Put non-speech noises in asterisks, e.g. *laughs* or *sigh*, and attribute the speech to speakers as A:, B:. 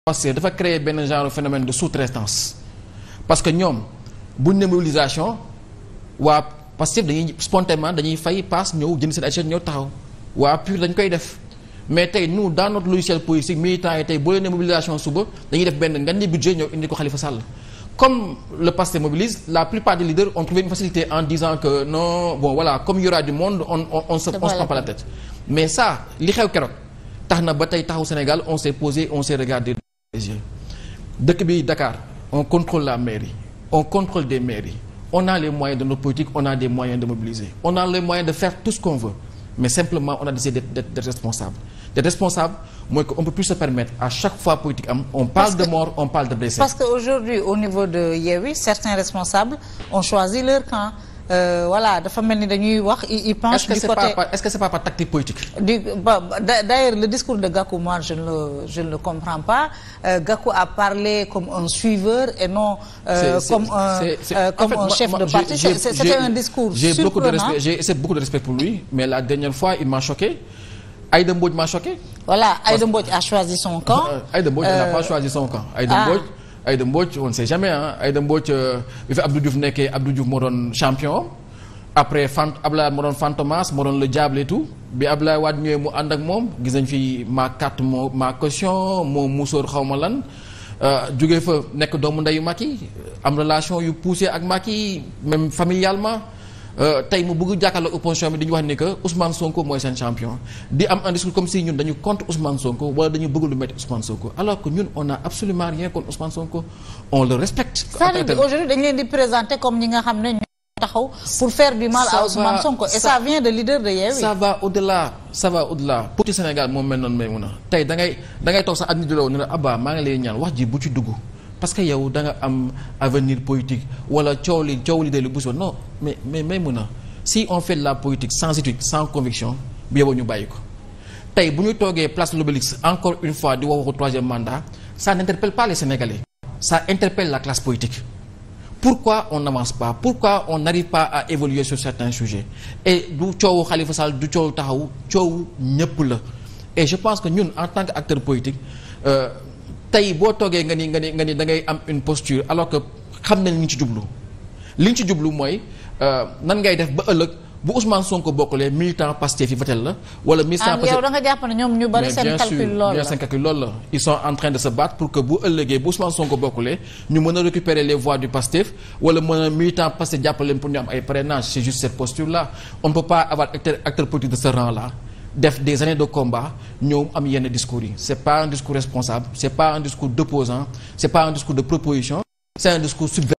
A: Pastef dafa créer benn genre phénomène de sous-traitance parce que ñoom buñ ne mobilisation waa Pastef dañuy spontanément dañuy fay paas ñëw jënd seen assiette ñëw taxaw waa PUR dañ koy def mais tey nous dans notre logiciel politique militants yi tey boo leen ne mobilisation suba dañuy def benn nga ni budget ñëw indi ko xalifa Sall comme le Pastef mobilise la plupart des leaders ont trouvé une facilité en disant que non bon voilà comme il y aura du monde on on on se on se prend pas la tête mais ça li xew keroog tax na ba tey taxaw Sénégal on s'est posé on s'est stratégie dëkk bi Dakar on contrôle la on contrôle des mairies on a les moyens de nos politiques on a des moyens de mobiliser on a les moyens de faire tout ce qu'on veut mais simplement on a décidé d'être responsable d'être responsable mooy que on peut plus se permettre à chaque fois politique am on parle de mort on parle de blessés parce que
B: aujourd'hui au niveau de Yewwi certains responsables ont choisi leur camp euh, voilà dafa mel ni dañuy wax il pense du côté est ce que c' est politique. du le discours de Gakou moi je ne le je ne le comprends pas euh, Gakou a parlé comme un suiveur et non. Euh, c comme un c euh, comme un chef moi, de parti c' était un discours. surprenant beaucoup de respect j'
A: beaucoup de respect pour lui mais la dernière fois il m'a choqué Aïda Mbodj m'a choqué. voilà Aïda Mbodj a choisi son camp. *laughs* Aïda Mbodj n'a euh, pas choisi son camp Aïda Mbodj on sait jamais ah Aïda Mbodj euh, bi fi Abdou Diouf nekkee Abdou Diouf moo doon champion après fant Ablaye moo doon Fantomas moo doon le diable et tout bi Ablaye Wade ñëwee mu ànd ak moom gis nañ fi ma carte moo ma caution moo musóor xawma ma lan euh, jóge fa nekk doomu ndeyu Macky am relation yu poussé ak Macky même familialement Euh, tey mu bëgg jàkkaarloo opposition bi dañu wax ni que Ousmane Sonko mooy seen champion di am un discours comme si ñun dañu contre Ousmane Sonko wala dañu bëgg metti Ousmane Sonko alors que ñun on a absolument rien contre Ousmane Sonko on le respecte. c'est-à-dire
B: aujourd'hui dañu leen di présenter comme ñi nga xam ne ñoo taxaw pour faire du mal à Ousmane Sonko et ça vient de leader de Yewwi. ça va au-delà
A: ça va au-delà. pour ci Sénégal moom mel noonu may mun tey da ngay da ngay toog sax at mi maa ngi lay ñaan wax ji bu ci dugg. parce que yow danga am avenir politique wala coow li coow li de lu buso non mais mais mais mun na si on fait la politique sans étude sans conviction bi yeboo ñu bàyyi ko tey bu ñu toogee place l'Obélisque encore une fois di wax waxu troisième mandat ça n'interpelle pas les Sénégalais ça interpelle la classe politique pourquoi on n'avance pas pourquoi on n'arrive pas à évoluer sur certains sujets et du coowu Khalifa Sall du coowu taxaw coowu ñëpp la et pense que ñun en tant qu'acteur politique euh, tey boo toogee nga ni nga ni nga ni da ngay am une posture alors que xam nañ li ñu ci jublu li ñu ci jublu mooy euh, nan ngay def ba ëllëg bu Ousmane Sonko bokkulee militant Pastef yi votel la wala ah, la seen calcul en train de se battre pour que bu ëllëgee bu Ousmane Sonko bokkulee ñu mën a récupérer les voix du Pastef wala mën a militant Pastef jàppale leen pour ñu am ay parrainage c'est juste cette posture là on ne peut avoir acteur acteur politique de ce rang def des années de combat ñoom am yenn discours yi c'est pas un discours responsable c'est pas un discours d'opposant c'est pas un discours de proposition c'est un discours subversif